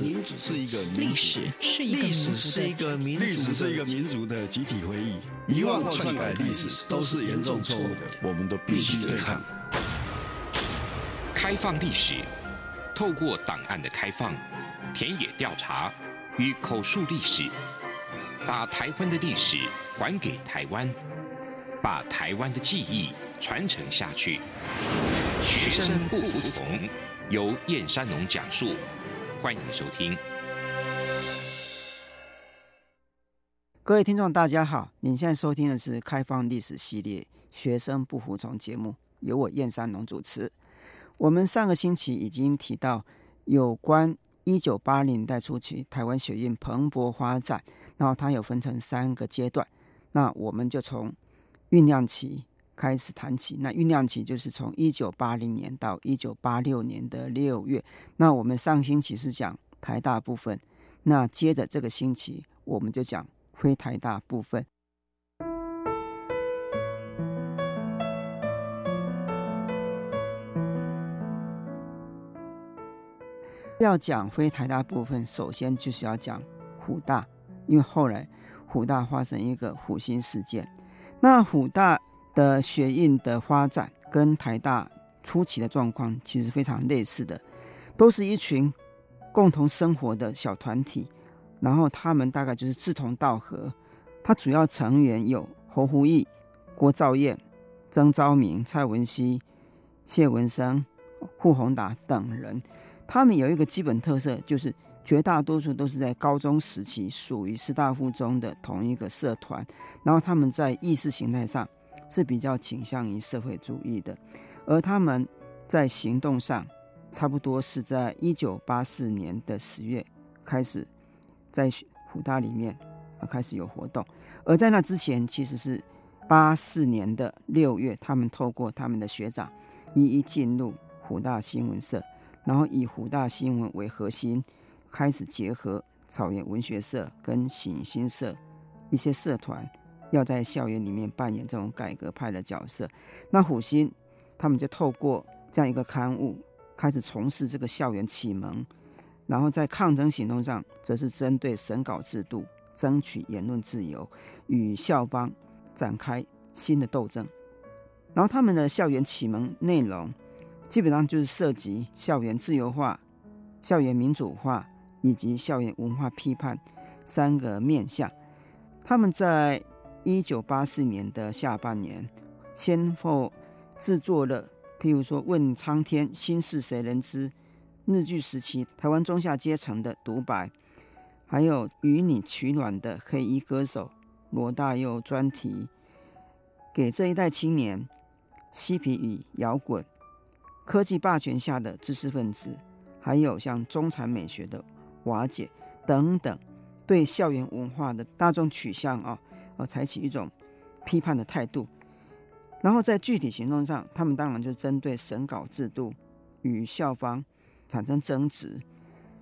民主是一個歷史，是一個民族的，民族一民族的，民族的集體回憶。遺忘、篡改歷史都是嚴重錯誤的，我們都必須對抗。開放歷史，透過檔案的開放、田野調查與口述歷史，把台灣的歷史還給台灣，把台灣的記憶傳承下去。學生不服從，由燕山農講述。歡迎收聽，各位聽眾，大家好。您現在收聽的是《開放歷史系列》“學生不服從”節目，由我燕山龍主持。我們上個星期已經提到有關一九八零年代初期台灣學運蓬勃發展，然後它有分成三個階段。那我們就從醞釀期。開始談起，那醞釀期就是從一九八零年到一九八六年的六月。那我們上星期是講台大部分，那接着這個星期我們就講非台大部分。要講非台大部分，首先就是要講輔大，因為後來輔大發生一個輔新事件。那輔大。的學運的發展跟台大初期的狀況其實非常類似的，都是一群共同生活的小團體，然後他們大概就是志同道合。他主要成員有侯福義、郭兆燕、曾昭明、蔡文熙、謝文生、傅宏達等人。他們有一個基本特色，就是絕大多數都是在高中時期屬於師大附中的同一個社團，然後他們在意識形態上。是比較傾向於社會主義的，而他們在行動上，差不多是在一九八四年的十月開始在輔大裡面開始有活動，而在那之前其實是八四年的六月，他們透過他們的學長一一進入輔大新聞社，然後以輔大新聞為核心，開始結合草原文學社跟醒心社一些社團。要在校園裡面扮演這種改革派的角色，那虎心他們就透過這樣一個刊物開始從事這個校園啟蒙，然後在抗爭行動上，則是針對審稿制度，爭取言論自由，與校方展開新的鬥爭。然後他們的校園啟蒙內容，基本上就是涉及校園自由化、校園民主化以及校園文化批判三個面向。他們在一九八四年的下半年，先後製作了，譬如說《問蒼天》，心事誰人知；日據時期，台灣中下階層的獨白；還有與你取暖的黑衣歌手羅大佑專題，給這一代青年嬉皮與搖滾，科技霸權下的知識分子，還有像中產美學的瓦解等等，對校園文化的大眾取向啊。而採取一種批判的態度，然後在具體行動上，他們當然就針對審稿制度與校方產生爭執。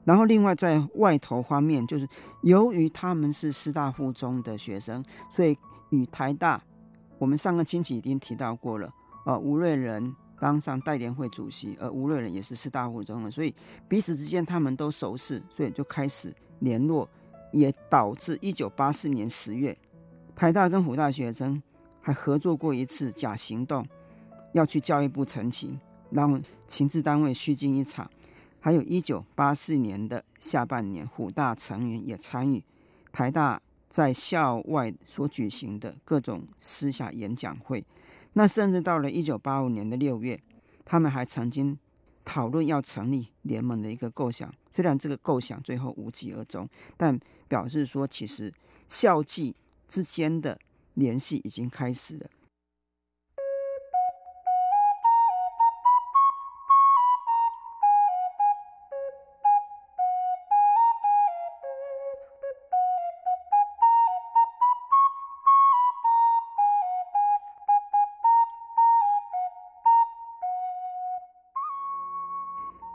然後，另外在外頭方面，就是由於他們是師大附中的學生，所以與台大，我們上個星期已經提到過了。呃，吳叡人當上代聯會主席，而吳叡人也是師大附中的，所以彼此之間他們都熟識，所以就開始聯絡，也導致一九八四年十月。台大跟虎大學生還合作過一次假行動，要去教育部陳情，讓情治單位虛驚一場。還有一九八四年的下半年，虎大成員也參與台大在校外所舉行的各種私下演講會。那甚至到了一九八五年的六月，他們還曾經討論要成立聯盟的一個構想。雖然這個構想最後無疾而終，但表示說其實校際。之間的聯繫已經開始了。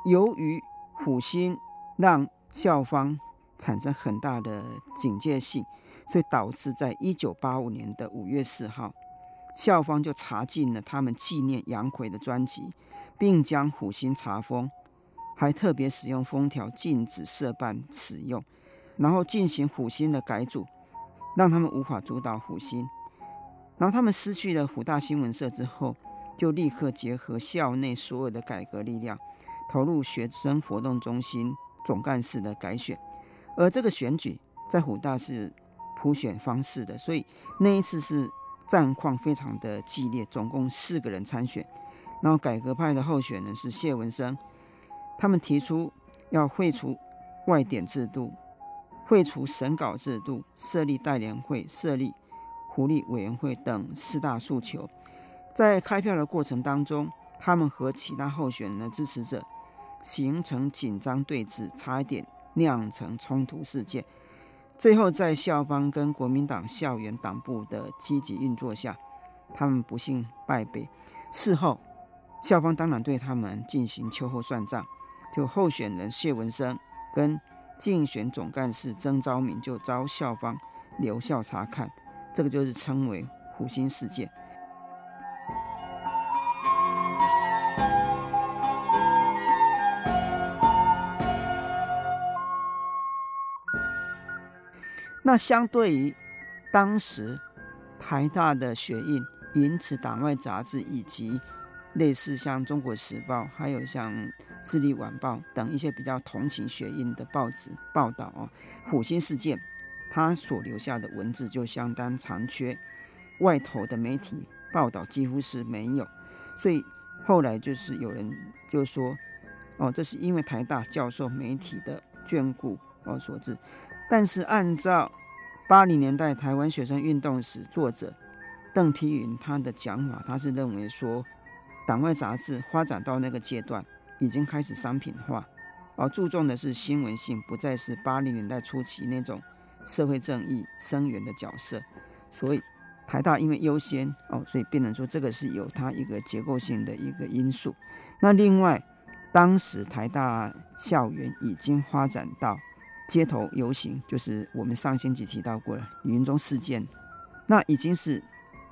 由於火星讓校方產生很大的警戒性，所以導致在一九八五年的五月四號，校方就查禁了他們紀念楊逵的專輯，並將虎新查封，還特別使用封條禁止社辦使用，然後進行虎新的改組，讓他們無法主導虎新。然後他們失去了虎大新聞社之後，就立刻結合校內所有的改革力量，投入學生活動中心總幹事的改選，而這個選舉在虎大是。普選方式的，所以那一次是戰況非常的激烈，總共四個人參選，然後改革派的候選人是謝文生，他們提出要廢除外點制度、廢除審稿制度、設立代聯會、設立福利委員會等四大訴求，在開票的過程當中，他們和其他候選人的支持者形成緊張對峙，差一點釀成衝突事件。最後，在校方跟國民黨校園黨部的積極運作下，他們不幸敗北。事後，校方當然對他們進行秋後算賬，就候選人謝文生跟競選總幹事曾昭明就遭校方留校察看，這個就是稱為“虎心事件”。那相對於當時台大的學運，因此黨外雜誌以及類似像《中國時報》、還有像《自立晚報》等一些比較同情學運的報紙報道啊，火星事件他所留下的文字就相當殘缺，外頭的媒體報道幾乎是沒有，所以後來就是有人就說，哦，這是因為台大教授媒體的眷顧哦所致，但是按照。八零年代台灣學生運動史作者鄧丕雲他的講法，他是認為說，黨外雜志發展到那個階段，已經開始商品化，而注重的是新聞性，不再是八零年代初期那種社會正義聲援的角色。所以台大因為優先哦，所以變成說這個是有它一個結構性的一個因素。那另外，當時台大校園已經發展到。街頭遊行就是我們上星期提到過的，李文忠事件，那已經是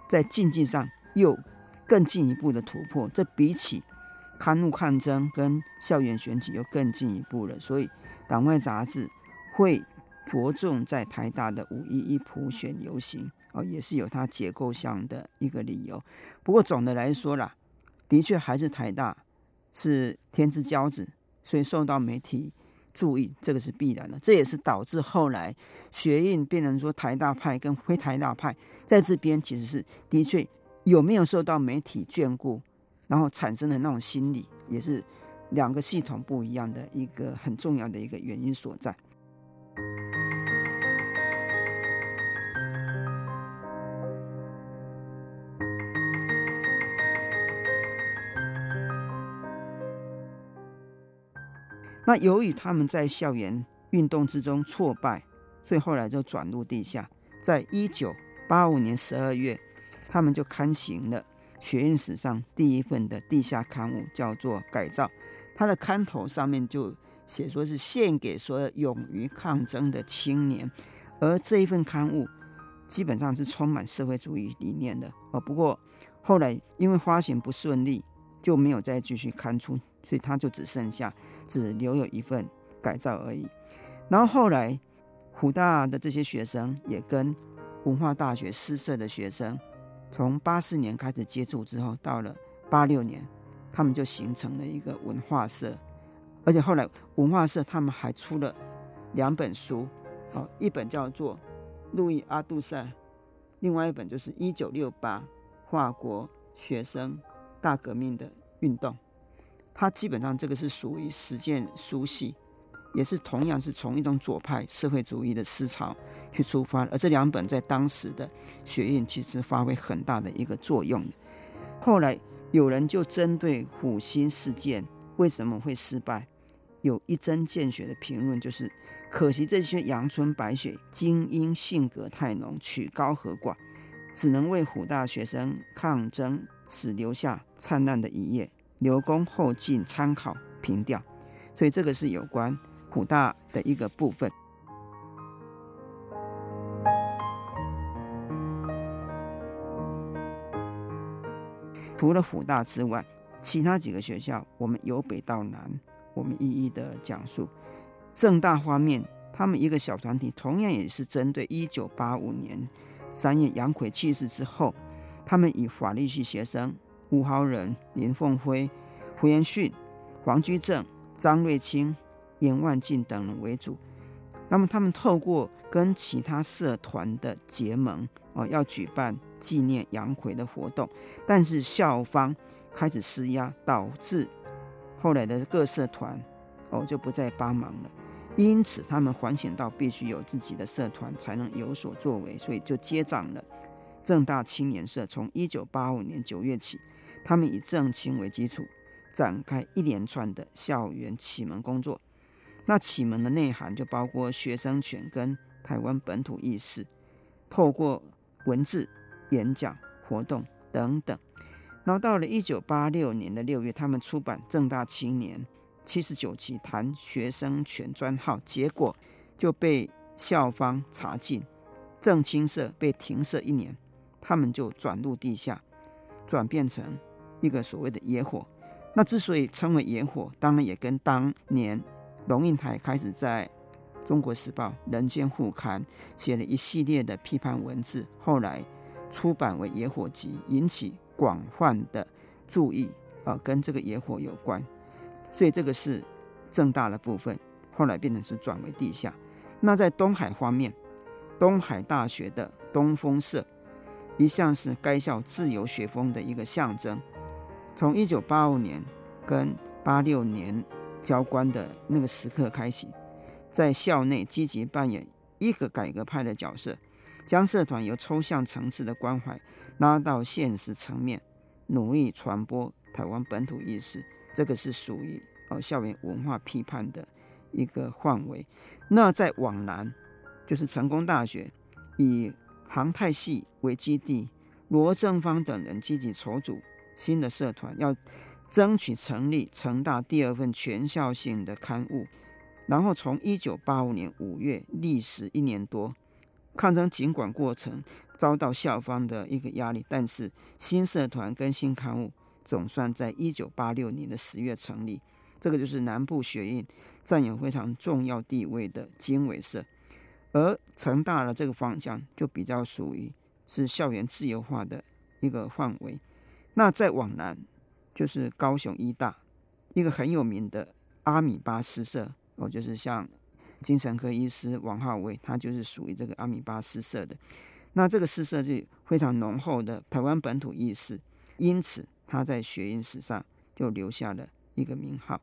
在禁忌上又更進一步的突破，這比起刊物抗爭跟校園選舉又更進一步了。所以黨外雜誌會着重在台大的五一一普選遊行啊，哦，也是有它結構上的一個理由。不過總的來說啦，的確還是台大是天之驕子，所以受到媒體。注意，這個是必然的，這也是導致後來學運變成說台大派跟非台大派，在這邊其實是的確有沒有受到媒體眷顧，然後產生的那種心理，也是兩個系統不一樣的一個很重要的一個原因所在。那由於他們在校園運動之中挫敗，所以後來就轉入地下。在一九八五年十二月，他們就刊行了學運史上第一份的地下刊物，叫做《改造》。它的刊頭上面就寫說是獻給所有勇於抗爭的青年，而這一份刊物基本上是充滿社會主義理念的。哦，不過後來因為發行不順利，就沒有再繼續刊出。所以他就只剩下只留有一份改造而已。然後後來，湖大的這些學生也跟文化大學詩社的學生，從八四年開始接觸之後，到了八六年，他們就形成了一個文化社。而且後來文化社他們還出了兩本書，哦，一本叫做《路易阿杜塞》，另外一本就是《一九六八法國學生大革命的運動》。它基本上這個是屬於實踐書系，也是同樣是從一種左派社會主義的思潮去出發，而這兩本在當時的學院其實發揮很大的一個作用。後來有人就針對輔新事件為什麼會失敗，有一針見血的評論，就是可惜這些陽春白雪精英性格太濃，曲高和寡，只能為輔大學生抗爭，只留下燦爛的一頁。留公後進參考憑弔，所以這個是有關輔大的一個部分。除了輔大之外，其他幾個學校，我們由北到南，我們一一的講述。政大方面，他們一個小團體，同樣也是針對一九八五年三月楊逵去世之後，他們以法律系學生，吳豪仁、林鳳輝、胡延訓、黃居正、張瑞清、嚴萬進等人為主。那麼，他們透過跟其他社團的結盟，哦，要舉辦紀念楊逵的活動，但是校方開始施壓，導致後來的各社團，哦，就不再幫忙了。因此，他們反省到必須有自己的社團才能有所作為，所以就接掌了，政大青年社從一九八五年九月起。他們以政青為基礎，展開一連串的校園啟蒙工作。那啟蒙的內涵就包括學生權跟台灣本土意識，透過文字、演講、活動等等。然後到了一九八六年的六月，他們出版政大青年七十九期談學生權專號，結果就被校方查禁，政青社被停社一年，他們就轉入地下，轉變成。一個所謂的“野火”，那之所以稱為“野火”，當然也跟當年龍應台開始在《中國時報》《人間副刊》寫了一系列的批判文字，後來出版為《野火集》，引起廣泛的注意。啊、呃，跟這個“野火”有關，所以這個是政大的部分。後來變成是轉為地下。那在東海方面，東海大學的東風社一向是該校自由學風的一個象徵。從一九八五年跟八六年交關的那個時刻開始，在校內積極扮演一個改革派的角色，將社團由抽象層次的關懷拉到現實層面，努力傳播台灣本土意識，這個是屬於哦校園文化批判的一個範圍。那再往南，就是成功大學，以航太系為基地，羅正方等人積極籌組。新的社團要爭取成立成大第二份全校性的刊物，然後從一九八五年五月歷時一年多抗爭，儘管過程遭到校方的一個壓力，但是新社團跟新刊物總算在一九八六年的十月成立。這個就是南部學院佔有非常重要地位的經緯社，而成大的這個方向就比較屬於是校園自由化的一個範圍。那再往南，就是高雄醫大，一個很有名的阿米巴詩社。哦，就是像精神科醫師王浩威，他就是屬於這個阿米巴詩社的。那這個詩社就是非常濃厚的台灣本土意識，因此他在學運史上就留下了一個名號。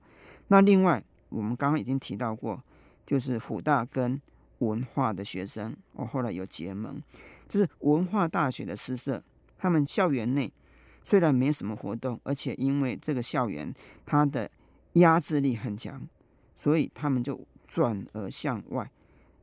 那另外，我們剛剛已經提到過，就是輔大跟文化的學生，哦，後來有結盟，這是文化大學的詩社，他們校園內。雖然沒什麼活動，而且因為這個校園它的壓制力很強，所以他們就轉而向外。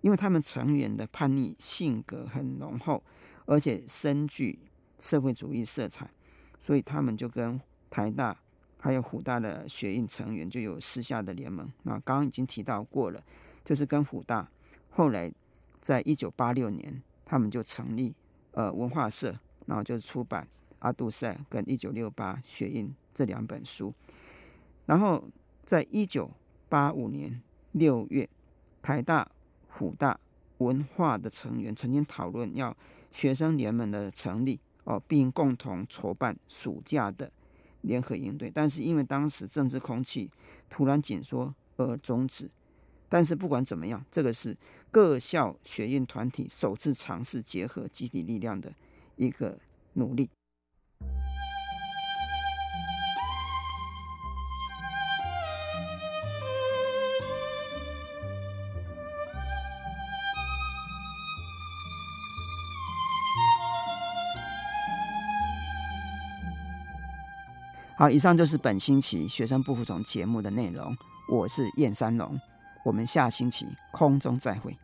因為他們成員的叛逆性格很濃厚，而且深具社會主義色彩，所以他們就跟台大還有虎大的學運成員就有私下的聯盟。那剛剛已經提到過了，就是跟虎大，後來在一九八六年，他們就成立呃、文化社，然後就出版阿杜塞跟一九六八學運這兩本書，然後在一九八五年六月，台大、輔大文化的成員曾經討論要學生聯盟的成立哦，並共同籌辦暑假的聯合營隊，但是因為當時政治空氣突然緊縮而終止。但是不管怎麼樣，這個是各校學運團體首次嘗試結合集體力量的一個努力。好，以上就是本星期學生不服從節目的內容。我是燕山龍，我們下星期空中再會。